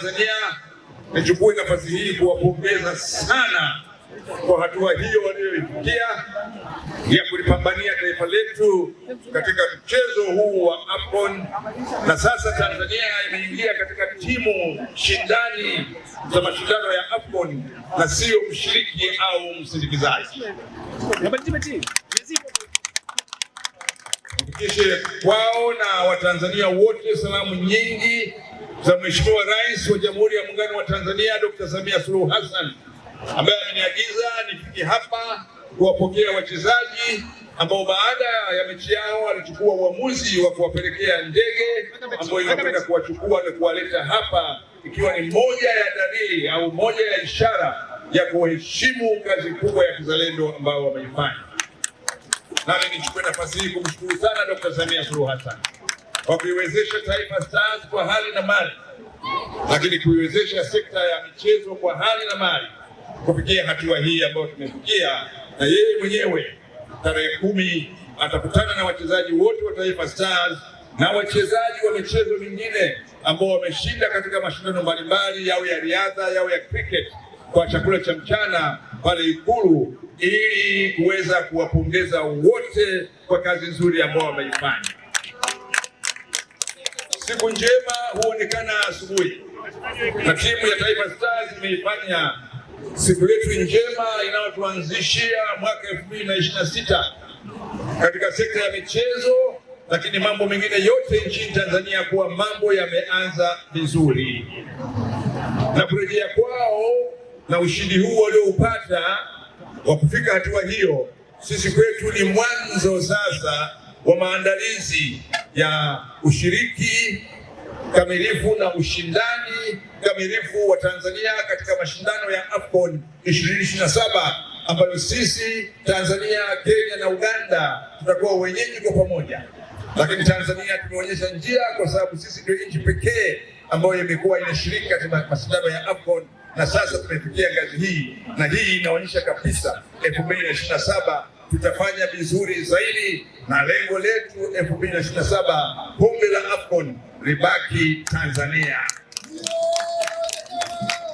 Tanzania, nichukue nafasi hii kuwapongeza sana kwa hatua hiyo waliyoifikia ya kulipambania taifa letu katika mchezo huu wa AFCON, na sasa Tanzania imeingia katika timu shindani za mashindano ya AFCON na sio mshiriki au msindikizaji. Hakikishe kwao na Watanzania wote salamu nyingi za Mheshimiwa Rais wa Jamhuri ya Muungano wa Tanzania Dr. Samia Suluhu Hassan ambaye ameniagiza nifike hapa kuwapokea wachezaji ambao baada ya mechi yao alichukua uamuzi wa kuwapelekea ndege ambayo inakwenda kuwachukua na kuwaleta hapa, ikiwa ni moja ya dalili au moja ya ishara ya kuheshimu kazi kubwa ya kizalendo ambao wameifanya. Nami nichukue nafasi hii kumshukuru sana Dr. Samia Suluhu Hassan kwa kuiwezesha Taifa Stars kwa hali na mali, lakini kuiwezesha sekta ya michezo kwa hali na mali kufikia hatua hii ambayo tumefikia. Na yeye mwenyewe tarehe kumi atakutana na wachezaji wote wa Taifa Stars na wachezaji wa michezo mingine ambao wameshinda katika mashindano mbalimbali, yao ya riadha, yao ya cricket, kwa chakula cha mchana pale Ikulu, ili kuweza kuwapongeza wote kwa kazi nzuri ambao wameifanya. Siku njema huonekana asubuhi, na timu ya Taifa Stars imeifanya siku yetu njema inayotuanzishia mwaka elfu mbili na ishirini na sita katika sekta ya michezo, lakini mambo mengine yote nchini Tanzania kuwa mambo yameanza vizuri na kurejea kwao na ushindi huu walioupata wa kufika hatua hiyo, sisi kwetu ni mwanzo sasa wa maandalizi ya ushiriki kamilifu na ushindani kamilifu wa Tanzania katika mashindano ya AFCON 2027 ambayo sisi Tanzania, Kenya na Uganda tutakuwa wenyeji kwa pamoja. Lakini Tanzania tumeonyesha njia, kwa sababu sisi ndio nchi pekee ambayo imekuwa inashiriki katika mashindano ya AFCON na sasa tumefikia ngazi hii, na hii inaonyesha kabisa 2027 tutafanya vizuri zaidi, na lengo letu 2027 kombe la AFCON libaki Tanzania.